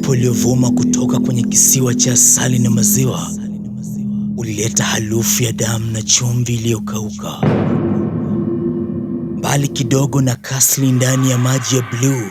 upepo uliovuma kutoka kwenye kisiwa cha asali na maziwa ulileta harufu ya damu na chumvi iliyokauka. Mbali kidogo na kasli ndani ya maji ya bluu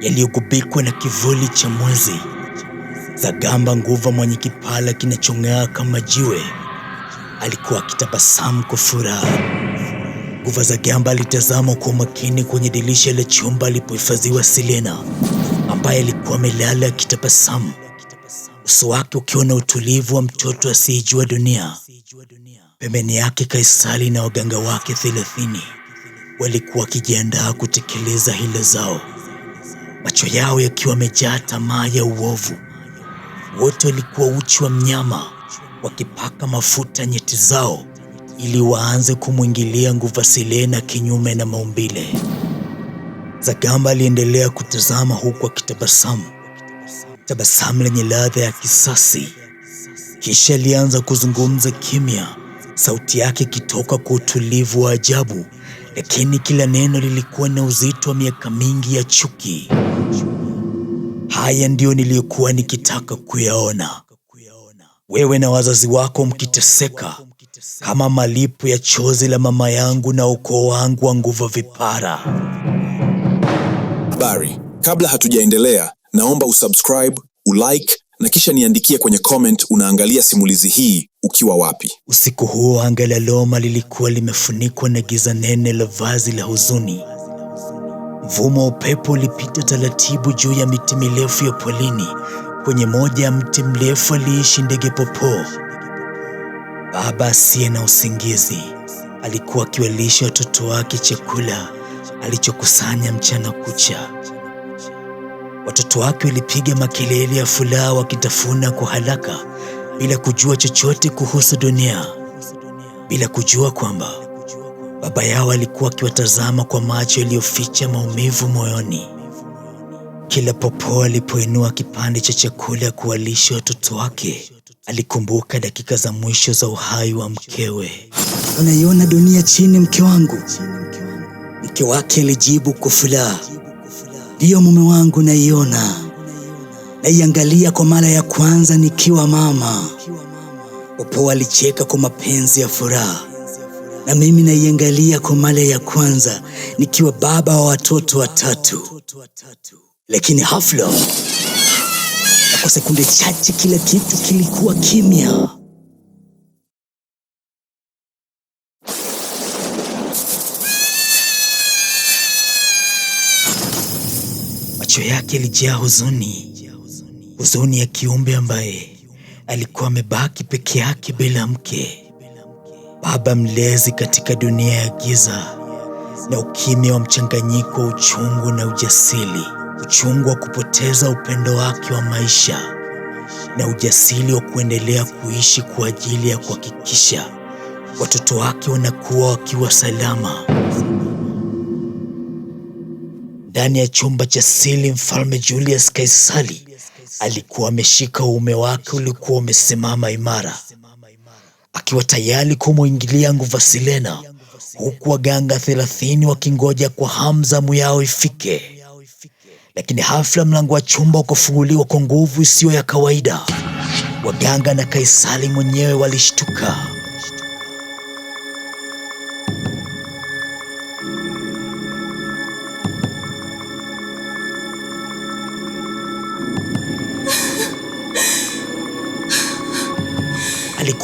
yaliyogubikwa na kivuli cha mwezi, Zagamba Nguva mwenye kipala kinachong'aa kama jiwe alikuwa akitabasamu kwa furaha. Nguva za Gamba alitazama kwa umakini kwenye dirisha la chumba alipohifadhiwa silena ambaye alikuwa amelala akitabasamu, uso wake ukiwa na utulivu wa mtoto asiyejua dunia. Pembeni yake Kaisari na waganga wake thelathini walikuwa wakijiandaa kutekeleza hila zao, macho yao yakiwa yamejaa tamaa ya uovu. Wote walikuwa uchi wa mnyama, wakipaka mafuta nyeti zao ili waanze kumwingilia nguva Silena kinyume na maumbile. Zagamba aliendelea kutazama huku akitabasamu, tabasamu lenye ladha ya kisasi. Kisha alianza kuzungumza kimya, sauti yake ikitoka kwa utulivu wa ajabu, lakini kila neno lilikuwa na uzito wa miaka mingi ya chuki. Haya ndiyo niliyokuwa nikitaka kuyaona, wewe na wazazi wako mkiteseka kama malipo ya chozi la mama yangu na ukoo wangu wa nguva vipara. Habari. Kabla hatujaendelea, naomba usubscribe, ulike na kisha niandikie kwenye comment unaangalia simulizi hii ukiwa wapi. Usiku huo anga la Loma lilikuwa limefunikwa na giza nene la vazi la huzuni. Mvumo wa upepo ulipita taratibu juu ya miti mirefu ya polini. Kwenye moja ya mti mrefu aliishi ndege popo, baba asiye na usingizi. Alikuwa akiwalisha watoto wake chakula alichokusanya mchana kucha. Watoto wake walipiga makelele ya furaha wakitafuna kwa haraka bila kujua chochote kuhusu dunia, bila kujua kwamba baba yao alikuwa akiwatazama kwa macho yaliyoficha maumivu moyoni. Kila popo alipoinua kipande cha chakula kuwalisha watoto wake, alikumbuka dakika za mwisho za uhai wa mkewe. Unaiona dunia chini, mke wangu? Mke wake alijibu kwa furaha, ndiyo mume wangu, naiona naiangalia kwa mara ya kwanza nikiwa mama. Popo alicheka kwa mapenzi ya furaha, na mimi naiangalia kwa mara ya kwanza nikiwa baba wa watoto watatu. Lakini hafla, kwa sekunde chache, kila kitu kilikuwa kimya. Macho yake yalijaa huzuni, huzuni ya kiumbe ambaye alikuwa amebaki peke yake bila mke, baba mlezi katika dunia ya giza na ukimya wa mchanganyiko wa uchungu na ujasiri, uchungu wa kupoteza upendo wake wa maisha na ujasiri wa kuendelea kuishi kwa ajili ya kuhakikisha watoto wake wanakuwa wakiwa salama. Ndani ya chumba cha siri mfalme Julius Kaisari alikuwa ameshika uume wake ulikuwa umesimama imara, akiwa tayari kumwingilia nguva Silena, huku waganga thelathini wakingoja kwa hamza yao ifike. Lakini hafla mlango wa chumba ukafunguliwa kwa nguvu isiyo ya kawaida. Waganga na Kaisari mwenyewe walishtuka.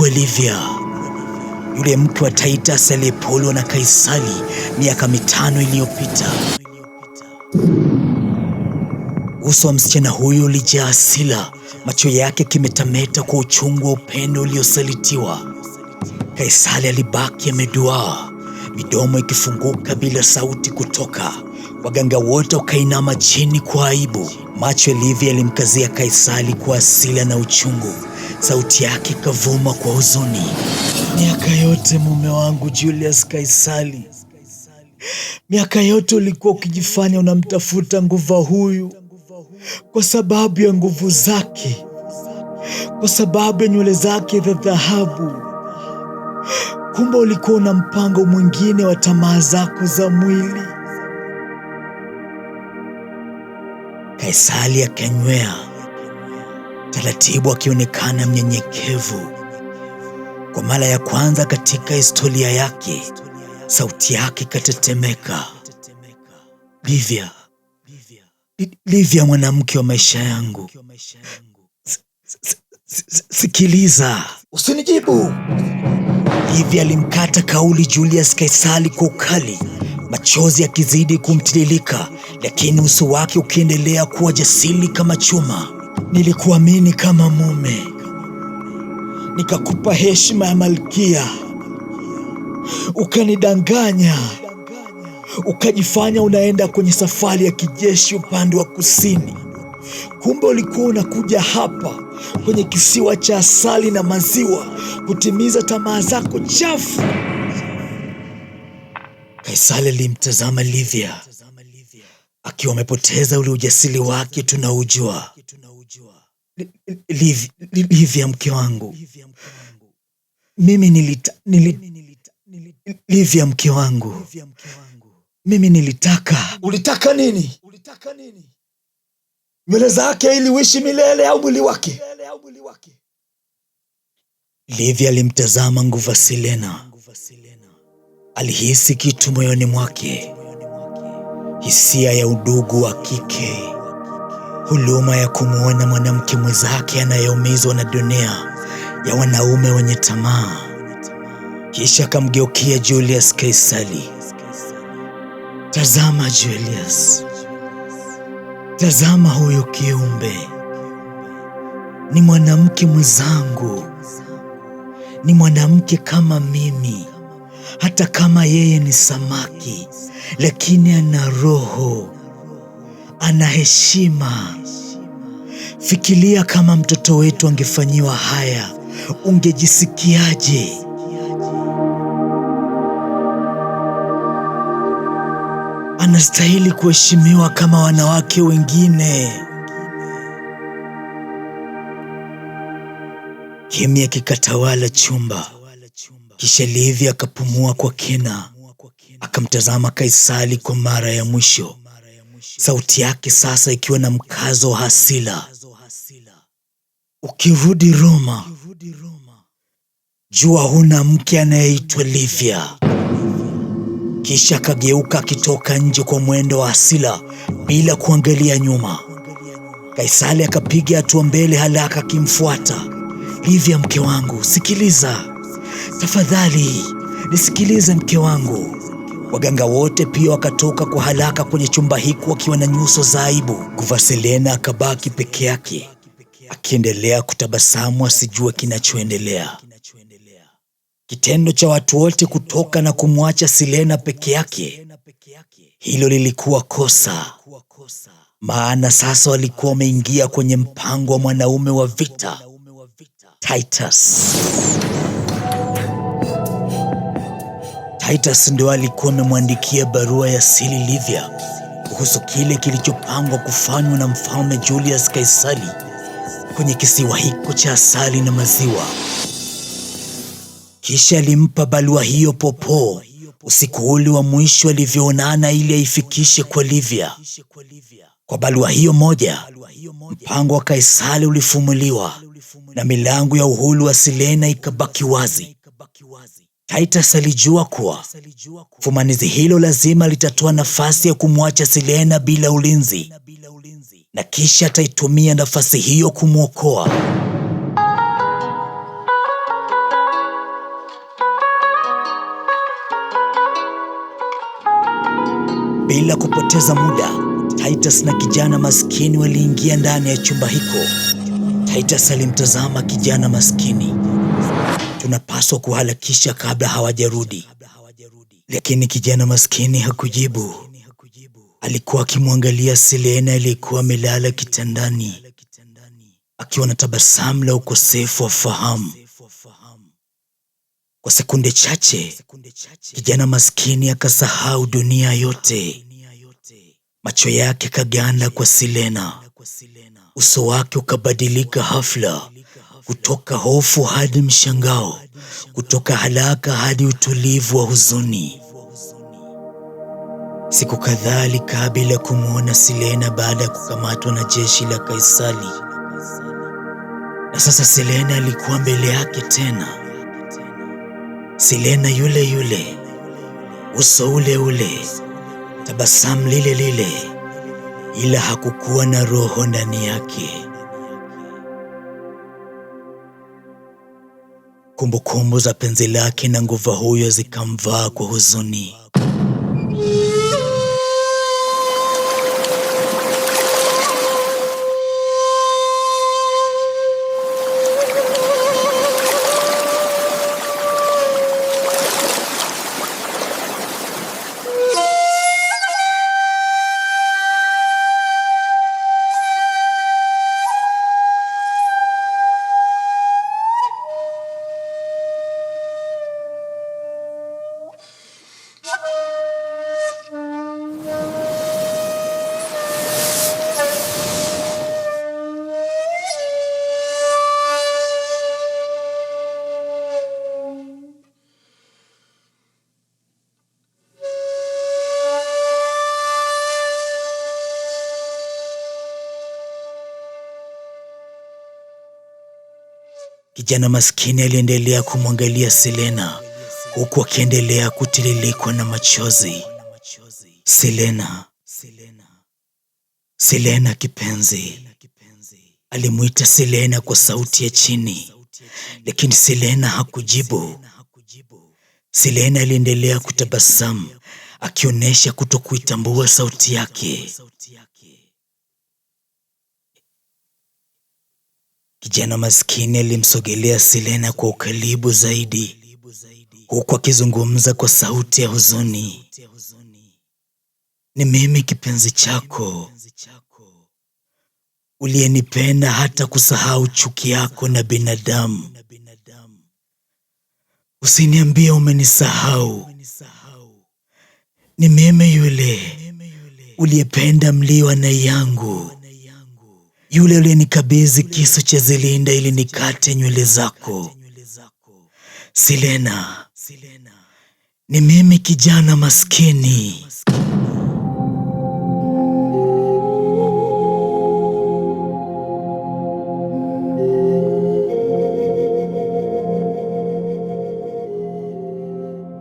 huko Livia, yule mtu wa Titus aliyepolwa na Kaisari miaka mitano iliyopita. Uso wa msichana huyo ulijaa hasira, macho yake kimetameta kwa uchungu wa upendo uliosalitiwa. Kaisari alibaki ameduaa, midomo ikifunguka bila sauti kutoka. Waganga wote wakainama chini kwa aibu. Macho Livia yalimkazia Kaisari kwa hasira na uchungu, sauti yake ikavuma kwa huzuni. Miaka yote mume wangu Julius Kaisali, miaka yote ulikuwa ukijifanya unamtafuta nguva huyu kwa sababu ya nguvu zake, kwa sababu ya nywele zake za dhahabu. Kumbe ulikuwa una mpango mwingine wa tamaa zako za mwili. Kaisali akanywea taratibu akionekana mnyenyekevu. Kwa mara ya kwanza katika historia yake, sauti yake ikatetemeka. Livya, Livya, mwanamke wa maisha yangu, sikiliza, usinijibu. Livya alimkata kauli Julius Kaisali kwa ukali, machozi yakizidi kumtililika, lakini uso wake ukiendelea kuwa jasiri kama chuma. Nilikuamini kama mume, nikakupa heshima ya malkia, ukanidanganya, ukajifanya unaenda kwenye safari ya kijeshi upande wa kusini. Kumbe ulikuwa unakuja hapa kwenye kisiwa cha asali na maziwa kutimiza tamaa zako chafu. Kaisari alimtazama Livia akiwa amepoteza ule ujasiri wake tunaujua. Livia, mke wangu, mimi nilita, nilita, Livia, mke wangu, mimi nilitaka. Ulitaka nini? Ulitaka nini? nywele zake ili uishi milele au mwili wake? Livia alimtazama nguva Silena, alihisi kitu moyoni mwake, hisia ya udugu wa kike huluma ya kumwona mwanamke mwenzake anayeumizwa na dunia ya wanaume wenye tamaa. Kisha akamgeukia Julius kaisali Tazama Julius, tazama huyo kiumbe, ni mwanamke mwenzangu, ni mwanamke kama mimi, hata kama yeye ni samaki, lakini ana roho ana heshima. Fikiria kama mtoto wetu angefanyiwa haya, ungejisikiaje? Anastahili kuheshimiwa kama wanawake wengine. Kimya kikatawala chumba, kisha Levi akapumua kwa kina, akamtazama kaisali kwa mara ya mwisho sauti yake sasa ikiwa na mkazo wa hasila. Ukirudi Roma, jua huna mke anayeitwa Livia. Kisha akageuka akitoka nje kwa mwendo wa hasila bila kuangalia nyuma. Kaisali akapiga hatua mbele, haraka akimfuata. Livia, mke wangu, sikiliza tafadhali, nisikilize mke wangu Waganga wote pia wakatoka kwa haraka kwenye chumba hiki wakiwa na nyuso za aibu. Kuvaselena akabaki peke yake akiendelea kutabasamu asijue kinachoendelea. Kitendo cha watu wote kutoka na kumwacha Silena peke yake, hilo lilikuwa kosa, maana sasa walikuwa wameingia kwenye mpango wa mwanaume wa vita Titus. Titus ndio alikuwa amemwandikia barua ya siri Livia kuhusu kile kilichopangwa kufanywa na mfalme Julius Kaisari kwenye kisiwa hiko cha asali na maziwa. Kisha alimpa barua hiyo Popo usiku ule wa mwisho alivyoonana ili aifikishe kwa Livia. Kwa barua hiyo moja, mpango wa Kaisari ulifumuliwa na milango ya uhuru wa Sirena ikabaki wazi alijua kuwa fumanizi hilo lazima litatoa nafasi ya kumwacha Silena bila ulinzi, na kisha ataitumia nafasi hiyo kumwokoa. Bila kupoteza muda, Titus na kijana maskini waliingia ndani ya chumba hiko. Titus alimtazama kijana maskini tunapaswa kuhalakisha kabla hawajarudi. Lakini kijana maskini hakujibu. Alikuwa akimwangalia Silena aliyekuwa amelala kitandani akiwa na tabasamu la ukosefu wa fahamu. Kwa sekunde chache, kijana maskini akasahau dunia yote. Macho yake kaganda kwa Silena, uso wake ukabadilika hafla kutoka hofu hadi mshangao, kutoka halaka hadi utulivu wa huzuni. Siku kadhaa alikaa bila kumwona Silena baada ya kukamatwa na jeshi la kaisali na sasa Silena alikuwa mbele yake tena. Silena yule yule, uso ule ule, tabasamu lile lile, ila hakukuwa na roho ndani yake. Kumbukumbu za penzi lake na nguva huyo zikamvaa kwa huzuni. Kijana maskini aliendelea kumwangalia Selena huku akiendelea kutililikwa na machozi. Selena, Selena kipenzi, alimwita Selena kwa sauti ya chini, lakini Selena hakujibu. Selena aliendelea kutabasamu akionyesha kutokuitambua sauti yake. Kijana maskini alimsogelea Selena kwa ukaribu zaidi huku akizungumza kwa sauti ya huzuni, ni mimi kipenzi chako uliyenipenda hata kusahau chuki yako na binadamu. Usiniambie umenisahau, ni mimi yule uliyependa mliwa na yangu yule aliyenikabidhi kisu cha zilinda ili nikate nywele zako. Silena, ni mimi kijana maskini.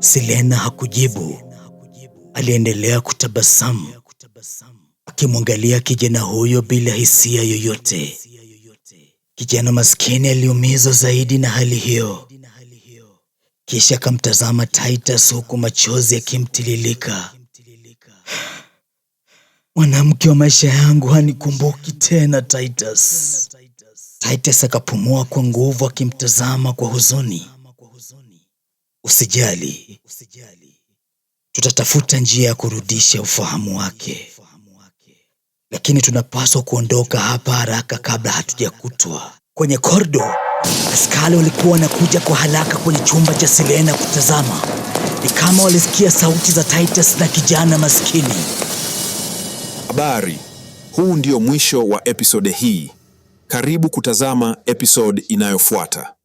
Silena hakujibu, aliendelea kutabasamu akimwangalia kijana huyo bila hisia yoyote. Kijana maskini aliumizwa zaidi na hali hiyo, kisha akamtazama Titus huku machozi yakimtililika. Mwanamke wa maisha yangu hanikumbuki tena, Titus. Titus akapumua kwa nguvu akimtazama kwa huzuni. Usijali, tutatafuta njia ya kurudisha ufahamu wake lakini tunapaswa kuondoka hapa haraka kabla hatujakutwa. Kwenye kordo, askari walikuwa wanakuja kwa haraka kwenye chumba cha Silena kutazama. Ni kama walisikia sauti za Titus na kijana maskini. Habari. Huu ndio mwisho wa episode hii. Karibu kutazama episode inayofuata.